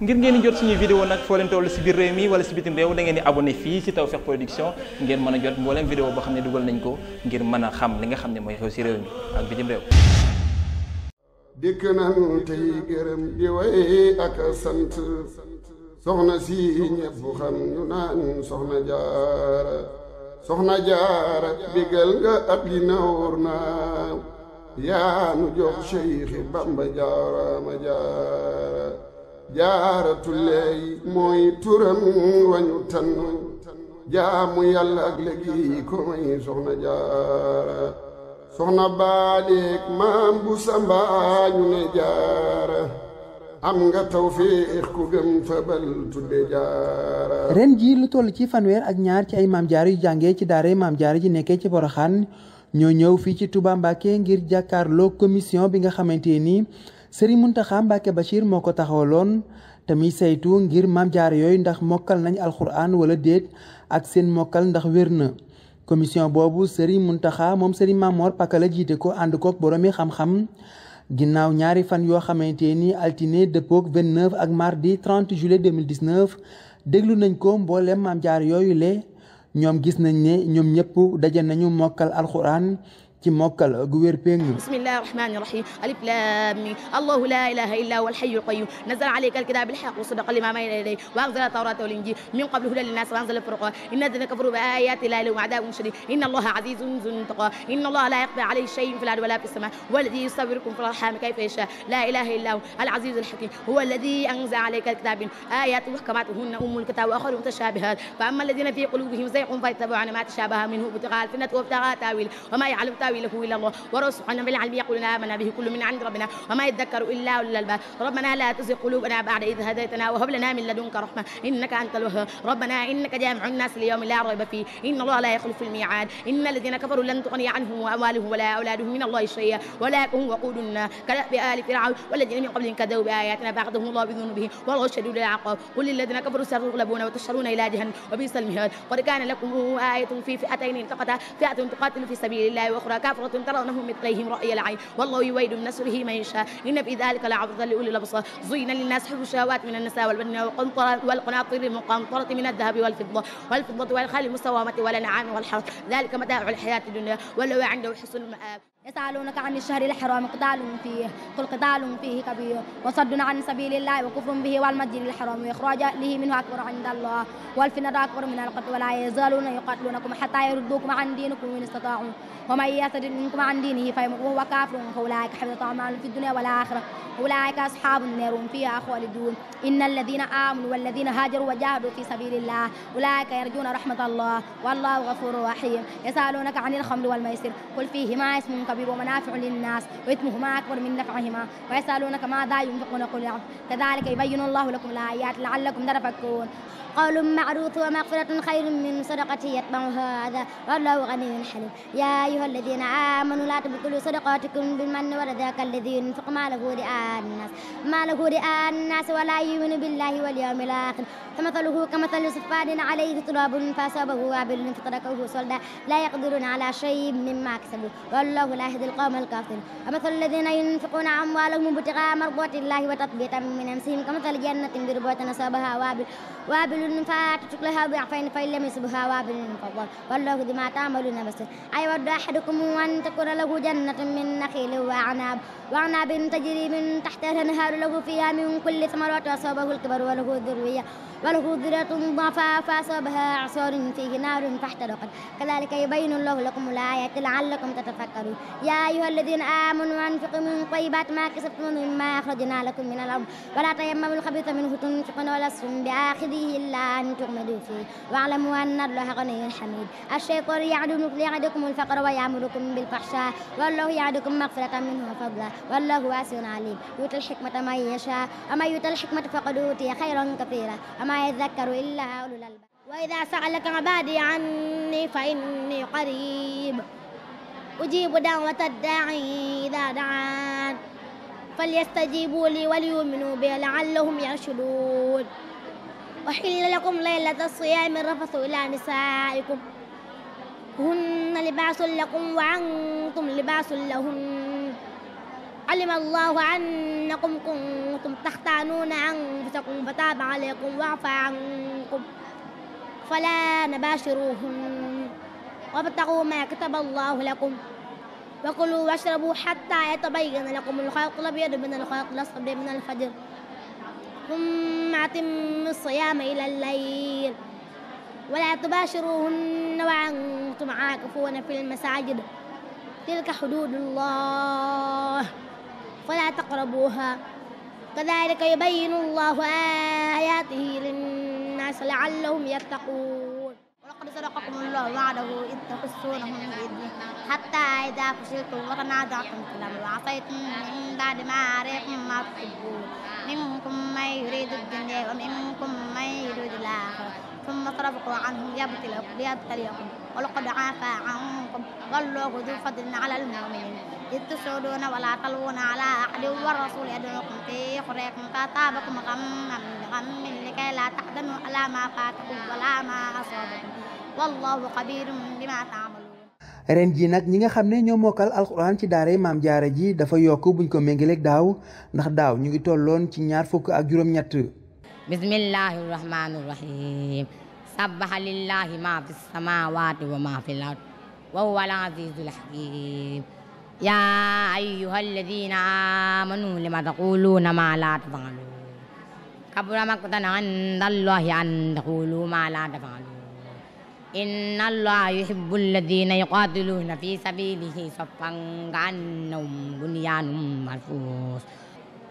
ngir ngeen di jot suñuy vidéo nag foo leen si biir réew mi wala si bitim réew da ngeen di abonné fii si Tawfekh Production ngeen mën a jot mbooleem vidéo boo xam ne dugal nañ ko ngir mën a xam li nga xam ne mooy xew si réew mi ak bitim réew dikk nan tey gërëm di way ak sant soxna si ñëpp xam ñu naan soxna jaara soxna jaara bégal nga ab li nawr naaw yaa nu jox Cheikh Bamba jaara ma jaara jaaratullaahi mooy turam wañu tan jaamu yàlla ak léegi ko may soxna jaara soxna baaleek maam bu samba ne jaara am nga tawféex ku gëm fabal tudde jaara ren jii lu toll ci fanweer ak ñaar ci ay maam jaara yu jàngee ci daara maam jaara ji nekkee ci Poroxaan ñoo ñëw fii ci Touba Mbacké ngir jàkkaarloo commission bi nga xamante nii Serigne Mountakha Mbacké Bachir moo ko taxawaloon tamit saytu ngir maam jaara yooyu ndax mokkal nañ alxuraan wala déet ak seen mokkal ndax wér na commission boobu Serigne Mountakha moom Serigne Mamor la jiite ko ànd koog boroomi xam-xam ginnaaw ñaari fan yoo xamante ni altine dëppoog 29 ak mardi 30 juillet 2019 déglu nañ ko mboolem maam jaara yooyu le ñoom gis nañ ne ñoom ñëpp daje nañu mokkal alxuraan ci mokkal gu wér péng bismillahi rahmani rahim alif lam mim allahu la ilaha illa huwa alhayyul qayyum nazala alayka alkitaba bilhaq wa sadaqa lima bayna yadayhi wa anzala tawrata wal injil min qablu hudan linnas wa anzala furqan inna alladhina kafaru bi ayati llahi lahum adabun shadid inna allaha azizun zu intiqam inna allaha la yakhfa alayhi shay'un fil ardi wala fis sama huwa alladhi yusawwirukum fil arham kayfa yasha la ilaha illa huwa العزيز الحكيم هو الذي أنزل عليك الكتاب آيات محكمات هن أم الكتاب وآخر متشابهات فأما الذين في قلوبهم زيغ فيتبعون ما تشابه منه ابتغاء الفتنة وابتغاء تأويله وما يعلم تأويله يحاوله إلا الله والرسول سبحانه في العلم يقولون آمنا به كل من عند ربنا وما يذكر إلا أولو الألباب ربنا لا تزغ قلوبنا بعد إذ هديتنا وهب لنا من لدنك رحمة إنك أنت الوهاب ربنا إنك جامع الناس ليوم لا ريب فيه إن الله لا يخلف الميعاد إن الذين كفروا لن تغني عنهم أموالهم ولا أولادهم من الله شيئا ولكن وقود النار كدأب آل فرعون والذين من قبلهم كذبوا بآياتنا فأخذهم الله بذنوبهم والله شديد العقاب قل للذين كفروا ستغلبون وتحشرون إلى جهنم وبئس المهاد قد كان لكم آية في فئتين التقتا فئة تقاتل في سبيل الله وأخرى كافرة ترونهم مثليهم رأي العين والله يويد من نسره من يشاء إن في ذلك لعبرة لأولي الأبصار زين للناس حب الشهوات من النساء والبنين والقناطر المقنطرة من الذهب والفضة والفضة والخيل المسومة والأنعام والحرث ذلك متاع الحياة الدنيا ولو عنده حسن المآب يسألونك عن الشهر الحرام قتال فيه قل قتال فيه كبير وصد عن سبيل الله وكفر به والمسجد الحرام وإخراج أهله منه أكبر عند الله والفتنة أكبر من القتل ولا يزالون يقاتلونكم حتى يردوكم عن دينكم إن استطاعوا ومن يرتد منكم عن دينه فيمت وهو كافر فأولئك حبطت أعمالهم في الدنيا والآخرة أولئك أصحاب النار هم فيها خالدون إن الذين آمنوا والذين هاجروا وجاهدوا في سبيل الله أولئك يرجون رحمة الله والله غفور رحيم يسألونك عن الخمر والميسر قل فيهما اسم كبير الحبيب ومنافع للناس وإثمهما أكبر من نفعهما ويسألونك ماذا ينفقون قل العفو كذلك يبين الله لكم الآيات لعلكم تتفكرون قول معروف ومغفرة خير من صدقة يتبعها هذا والله غني حليم يا أيها الذين آمنوا لا تبطلوا صدقاتكم بالمن والأذى كالذي ينفق ماله رئاء الناس ماله رئاء الناس ولا يؤمن بالله واليوم الآخر فمثله كمثل صفاد عليه تراب فأصابه وابل فتركه صلدا لا يقدرون على شيء مما كسبوا والله ولا يهدي القوم الكافرين ومثل الذين ينفقون أموالهم ابتغاء مرضات الله وتثبيتا من أنفسهم كمثل جنة بربوة أصابها وابل وابل فآتت لها ضعفين فإن لم يصبها وابل فضل والله بما تعملون بصير أيود أحدكم أن تكون له جنة من نخيل وأعناب وأعناب تجري من تحتها الأنهار له فيها من كل ثمرات وأصابه الكبر وله ذرية وله ذرة ضعفاء فأصابها إعصار فيه نار فاحترقت كذلك يبين الله لكم الآيات لعلكم تتفكرون يا أيها الذين آمنوا أنفقوا من طيبات ما كسبتم مما أخرجنا لكم من الأرض ولا تيمموا الخبيث منه تنفقون ولستم بآخذه إلا أن تغمضوا فيه واعلموا أن الله غني حميد الشيطان يعدكم يعدكم الفقر ويأمركم بالفحشاء والله يعدكم مغفرة منه وفضلا والله واسع عليم يؤتي الحكمة من يشاء ومن يؤتى الحكمة فقد أوتي خيرا كثيرا وما يذكر إلا أولو الألباب وإذا سألك عبادي عني فإني قريب أجيب دعوة الداعي إذا دعان فليستجيبوا لي وليؤمنوا بي لعلهم يرشدون أحل لكم ليلة الصيام الرفث إلى نسائكم هن لباس لكم وأنتم لباس لهن علم الله أنكم كنتم تختانون أنفسكم فتاب عليكم وعفى عنكم فلا نباشروهن وابتغوا ما كتب الله لكم وكلوا واشربوا حتى يتبين لكم الخيط الأبيض من الخيط الأسود من الفجر ثم أتموا الصيام إلى الليل ولا تباشروهن وأنتم عاكفون في المساجد تلك حدود الله فلا تقربوها كذلك يبين الله آياته للناس لعلهم يتقون ولقد صدقكم الله وعده إذ تحسونهم بإذنه حتى إذا فشلتم وتنازعتم وعصيتم من بعد ما أريكم ما تحبون منكم من يريد الدنيا ومنكم من يريد الآخرة ثم صرفكم عنهم ليبتليكم ليبتليكم ولقد عافى عنكم والله ذو فضل على المؤمنين إذ تسعدون ولا تلوون على أحد والرسول يدعوكم في أخريكم فأصابكم غما من غم لكي لا تحزنوا على ما فاتكم ولا ما أصابكم والله خبير بما تعملون ren jii nag ñi nga xam ne ñoo mokkal alxuraan ci daara maam jaara ji dafa yokk buñ ko méngaleeg daaw ndax daaw ñu ngi tolloon ci ñaar fukk ak juróom-ñett bismillahi rahmaani rahim sabaha lillahi ma fi samawati wa ma fi lard wa huwa al azizul hakim yaa ayyuha alladina amanu lima taquluuna ma la tafalun kabura maktan inda allahi an taqulu ma la tafalun inna allaha yuhibbu alladina yuqatiluna fi sabilihi saffan ka'annahum bunyanun marsus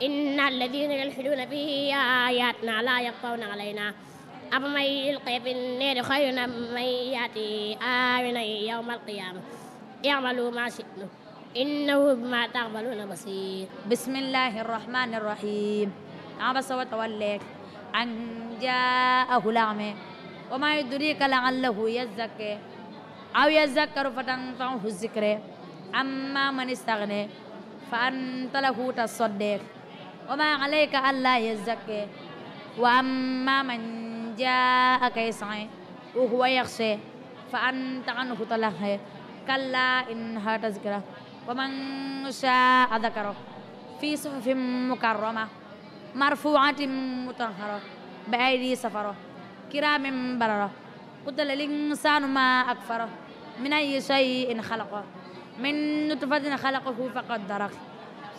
inna alladina yalhiduna fi ayatina la yaqfawna alayna afaman yulqi fi nnaari khayrun amman ya'ti aminan yawma alqiyamah i'malu ma shi'tum innahu bima ta'maluna basir bismillahir rahmanir rahim abasa wa tawalla an ja'ahu al-a'ma wa maa yudriika la'allahu yazakka aw yazakkaru fatanfa'ahu zikra amma man istaghna fa anta lahu tasaddaq wa maa alayka allaa yazakka wa amma man jaa'aka yas'aa wa huwa yakhsha fa anta anhu talaqqa kallaa innahaa tazkira wa man shaa'a dhakarahu fi suhufin mukarrama marfu'atin mutahhara bi aydi safara kiraamin barara qutila linsaanu maa akfara min ayyi shay'in xalaqa min nutfatin xalaqahu faqaddara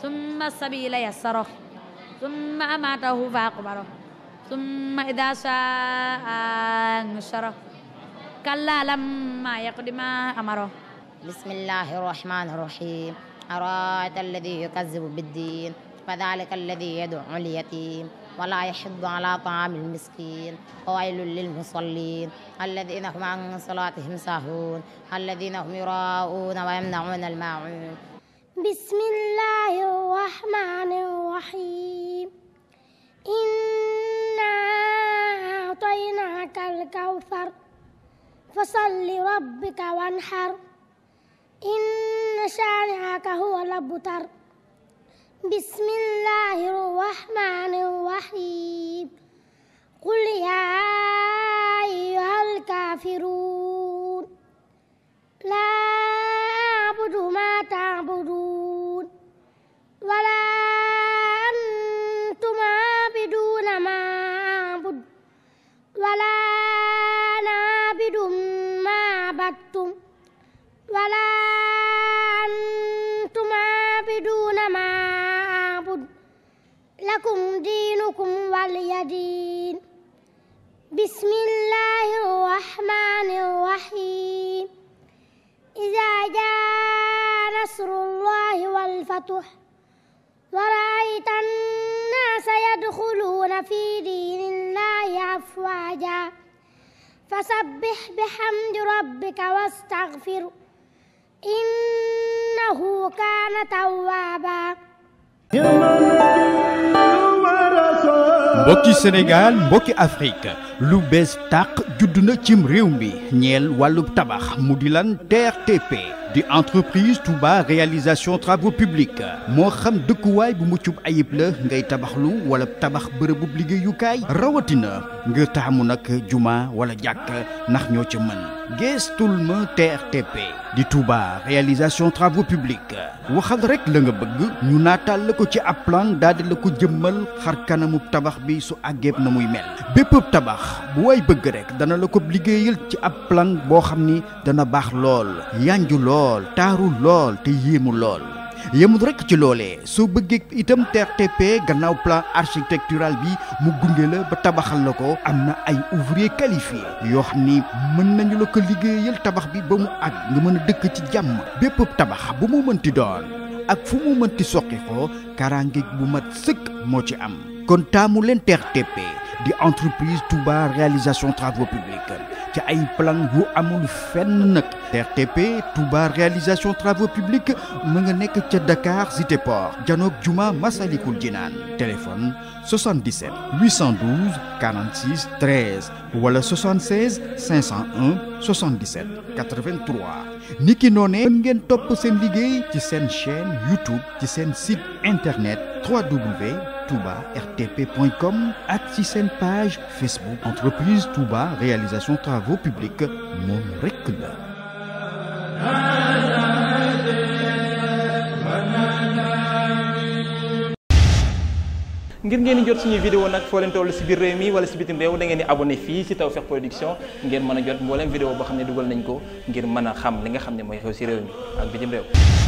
summa sabiila yassara summa amaatahu fa aqbara summa idaa shaa'a anshara kallaa lammaa yaqdi maa amara bismillahi rahmaani rahiim ara'ayta alladii yukazzibu biddiin fadaalika alladii yad'u al-yatiim ولا يحض على طعام المسكين وويل للمصلين الذين هم عن صلاتهم ساهون الذين هم يراءون ويمنعون الماعون بسم الله الرحمن الرحيم إنا أعطيناك الكوثر فصل لربك وانحر إن شانعك هو الأبتر بسم الله الرحمن الرحيم قل يا أيها الكافرون لا أعبد ما تعبدون ولا أنتم عابدون ما أعبد ولا أنا عابد ما عبدتم ولا أنتم عابدون لكم دينكم ولي دين بسم الله الرحمن الرحيم إذا جاء نصر الله والفتح ورأيت الناس يدخلون في دين الله أفواجا فسبح بحمد ربك واستغفر إنه كان توابا mbokki Sénégal mbokki Afrique lu bees tàq judd na cim réew mi ñeel wàllub tabax mu di lan TRTP di entreprise Touba réalisation travaux publics moo xam dëkkuwaay bu muccub ayib la ngay tabaxlu wala tabax bërëbub liggéeyukaay rawatina ngir taamu nag jumaa wala jàkk ndax ñoo ca mën Gestoulma TRTP di Touba réalisation travaux publics waxal rek la nga bëgg ñu naataal la ko ci ab plan daal di la ko jëmmal xar kanamu tabax bi su àggeeb na muy mel bépp tabax bu way bëgg rek dana la ko liggéeyal ci ab plan boo xam ni dana baax lool yanju lool taaru lool te yéemu lool yemul rek ci loolee soo bëggee itam TRTP gannaaw plan architectural bi mu gunge la ba tabaxal la ko am na ay ouvrier qualifié yoo xam ni mën nañu la ko liggéeyal tabax bi ba mu àgg nga mën a dëkk ci jàmm bépp tabax bu mu mënti doon ak fu mu mënti soqi ko karangeeg bu mat sëkk moo ci am kon taamu leen TRTP di entreprise Touba réalisation travaux publics ci ay plan yu amul fenn nag RTP Touba réalisation travaux publics mu nga nekk ca Dakar Cité Port janoog Juma Masalikul Jinaan téléphone 77 812 46 13 wala 76 501 77 83 niki noonee mën ngeen topp seen liggéey ci seen chaîne YouTube ci seen site internet www touba rtp point com ak ci seen page Facebook entreprise touba réalisation travaux publics moom rekk la ngir ngeen di jot suñuy vidéo nag foo leen si biir réew mi wala si bitim réew da ngeen di abonné fii si Tawfekh Production ngeen mën a jot mbooleem vidéo boo xam ne dugal nañ ko ngir mën a xam li nga xam ne mooy xew si réew mi ak bitim réew